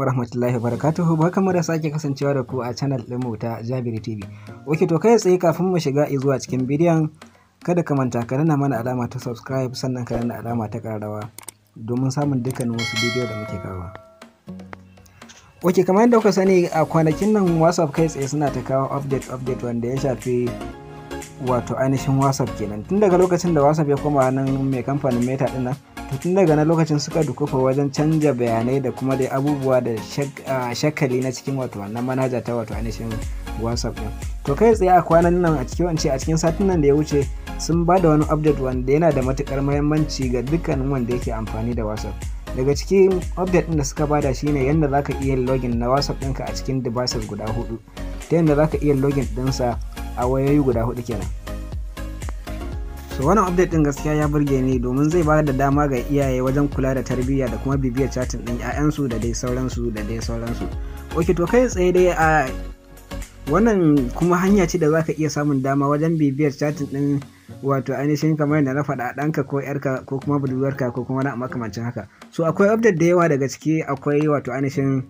wa warahmatullahi wabarakatuhu barkamu da sake kasancewa da ku a channel mu ta Jabiri TV. Oke to kai tsaye kafin mu shiga zuwa cikin bidiyon kada ka manta ka nuna mana alama ta subscribe sannan ka nuna alama ta ƙararrawa domin samun dukkanin wasu bidiyo da muke kawo. Oke kamar yadda kuka sani a kwanakin nan WhatsApp kai tsaye suna ta kawo update update wanda ya shafi wato ainihin WhatsApp kenan tun daga lokacin da WhatsApp ya koma nan mai kamfanin Meta ɗin nan tun daga na lokacin suka dukufa wajen canja bayanai da kuma dai abubuwa da shakali na cikin wato wannan manaja ta wato ainihin whatsapp din to kai tsaye a kwanan nan a cikin wance a cikin satin nan da ya wuce sun ba da wani update wanda yana da matukar muhimmanci ga dukkanin wanda yake amfani da whatsapp daga cikin update din da suka bada shine yadda zaka iya login na whatsapp ɗinka a cikin devices guda hudu ta yadda zaka iya login ɗinsa a wayoyi guda hudu kenan so wani update din gaskiya ya burge ni domin zai ba da dama ga iyaye wajen kula da tarbiyya da kuma bibiyar chatin din 'ya'yansu da dai sauransu da dai sauransu ok to kai tsaye dai a wannan kuma hanya ce da za ka iya samun dama wajen bibiyar chatin din wato ainihin kamar yadda na faɗa ɗanka ko yarka ko kuma budurwarka ko kuma na makamancin haka so akwai update da yawa daga ciki akwai wato ainihin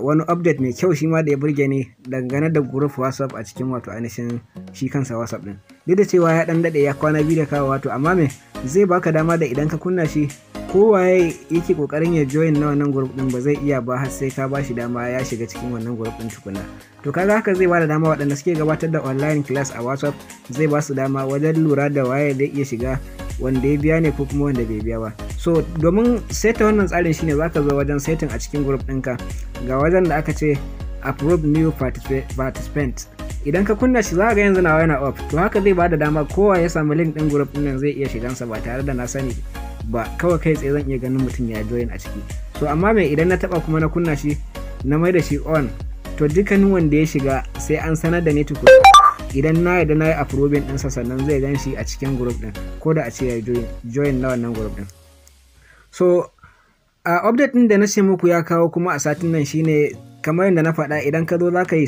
wani update mai kyau shi ma da ya burge ni dangane da group whatsapp a cikin wato ainihin shi kansa whatsapp din duk da cewa ya dan dade ya kwana biyu da kawo wato amma me zai baka dama da idan ka kunna shi kowaye yake kokarin ya join na wannan group din ba zai iya ba har sai ka ba shi dama ya shiga cikin wannan group din tukuna to kaga haka zai bada dama waɗanda suke gabatar da online class a WhatsApp zai ba su dama wajen lura da waye zai iya shiga wanda ya biya ne ko kuma wanda bai biya ba so domin saita wannan tsarin shine zaka zo wajen setting a cikin group ɗinka ga wajen da aka ce approve new participant idan ka kunna shi za ga yanzu nawa yana off to haka zai bada dama kowa ya samu link din group din zai iya sa ba tare da na sani ba kawai kai tsaye zan iya ganin mutum ya join a ciki to amma mai idan na taba kuma na kunna shi na mai da shi on to dukkanin wanda ya shiga sai an sanar da ni tukuna idan na yi na yi approving sa sannan zai gan shi a cikin group din ko da a ce ya join na wannan group din so a update ɗin da na ce muku ya kawo kuma a satin nan shine kamar yadda na faɗa idan ka zo za ka yi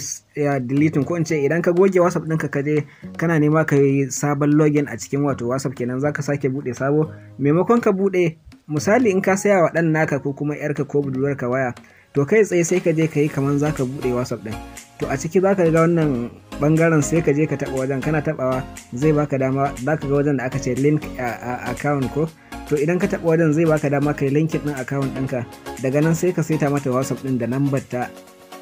deleting ko in ce idan ka goge whatsapp ɗinka ka je kana nema ka yi sabon login a cikin wato whatsapp kenan za ka sake buɗe sabo maimakon ka buɗe misali in ka saya wa ɗan naka ko kuma yarka ko budurwar ka waya to kai tsaye sai ka je ka yi kamar za ka buɗe whatsapp ɗin to a ciki za ka ga wannan bangaren sai ka je ka taɓa wajen kana taɓawa zai baka dama za ka ga wajen da aka ce link account ko to idan ka taɓa wajen zai baka dama kai linkin ɗin akawun ɗinka daga nan sai ka saita mata whatsapp ɗin da lambar ta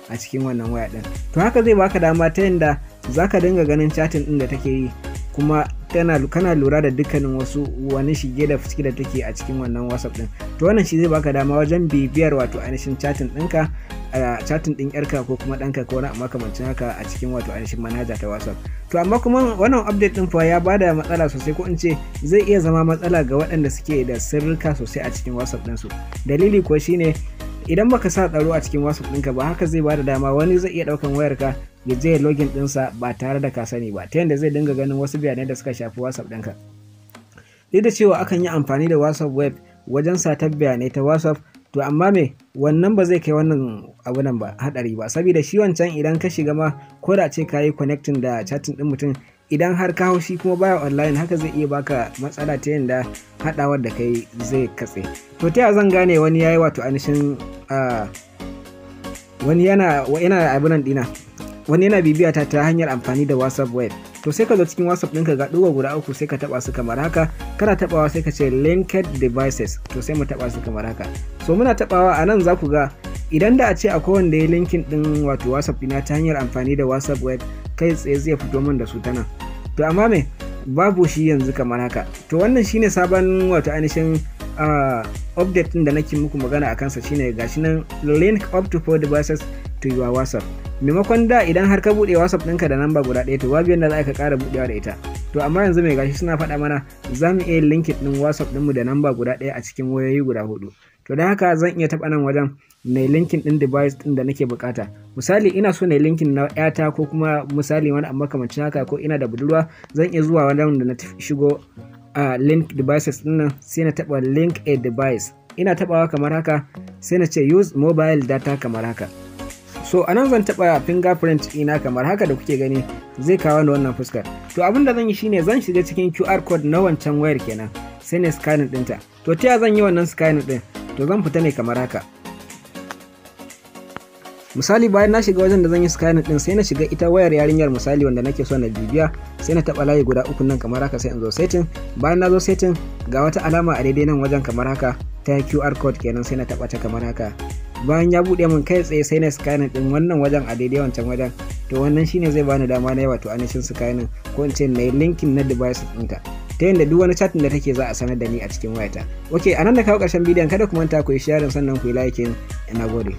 a cikin wannan waya ɗin to haka zai baka dama ta yadda za ka dinga ganin chatin ɗin da take yi kuma tana kana lura da dukkanin wasu wani shige da fuske da take a cikin wannan whatsapp ɗin to wannan shi zai baka dama wajen bibiyar wato ainihin chatin ɗinka a chatin din yarka ko kuma danka ko wani makamancin haka a cikin wato ainihin manaja ta whatsapp to amma kuma wannan update din fa ya bada matsala sosai ko in ce zai iya zama matsala ga waɗanda suke da sirrika sosai a cikin whatsapp ɗinsu dalili kuwa shine idan baka sa tsaro a cikin whatsapp ɗinka ba haka zai bada dama wani zai iya ɗaukan wayarka ya je login ɗinsa ba tare da ka sani ba ta yadda zai dinga ganin wasu bayanai da suka shafi whatsapp ɗinka duk da cewa akan yi amfani da whatsapp web wajen satar bayanai ta whatsapp To amma me wannan ba zai kai wannan abu nan ba haɗari ba saboda shi wancan idan ka shiga ma ko da ce ka yi connecting da chatting din mutum idan har ka haushi kuma baya online haka zai iya baka matsala ta yadda haɗawar da kai zai katse to ta zan gane wani yayi wato anishin wani yana yana abunan dina wani yana bibiya ta ta hanyar amfani da whatsapp web to sai ka zo cikin whatsapp ɗinka ga ɗuga guda uku sai ka taɓa su kamar haka kana tabawa sai ka ce linked devices to sai mu taba su kamar haka so muna tabawa a nan za ku ga idan da a ce akwai wanda ya linkin din wato whatsapp dina ta hanyar amfani da whatsapp web kai tsaye zai fito min da su ta nan to amma me babu shi yanzu kamar haka to wannan shine sabon wato ainihin uh, update din da nake muku magana a kansa shine gashi nan link up to four devices to your whatsapp maimakon da idan har ka buɗe whatsapp ɗinka da namba guda ɗaya to babu yadda za ka ƙara buɗewa da ita to amma yanzu mai gashi suna faɗa mana za mu iya linkin ɗin whatsapp ɗinmu da namba guda ɗaya a cikin wayoyi guda hudu to da haka zan iya taɓa nan wajen na linkin ɗin device ɗin da nake bukata misali ina so na linkin na yata ko kuma misali wani amma kamancin haka ko ina da budurwa zan iya zuwa wajen da na shigo a link devices ɗin nan sai na taɓa link a device ina taɓawa kamar haka sai na ce use mobile data kamar haka so a nan zan taɓa fingerprint ina kamar haka da kuke gani zai kawo ni wannan fuskar to abin da zan yi shine zan shiga cikin qr code na wancan wayar kenan sai ne scanning ɗinta to ta zan yi wannan scanning ɗin to zan fita ne kamar haka misali bayan na shiga wajen da zan yi scanning din sai na shiga ita wayar yarinyar misali wanda nake so na bibiya sai na taba layi guda uku nan kamar haka sai in zo setting bayan na zo setting ga wata alama a daidai nan wajen kamar haka ta QR code kenan sai na taba ta kamar haka bayan ya buɗe min kai tsaye sai na scanning din wannan wajen a daidai wancan wajen to wannan shine zai bani dama na yi wato anishin scanning ko in ce na yi linkin na device ɗinta ta yadda duk wani chatin da take za a sanar da ni a cikin wayata ok a nan da kawo ƙarshen bidiyon kada ku manta ku yi sharing sannan ku yi like na gode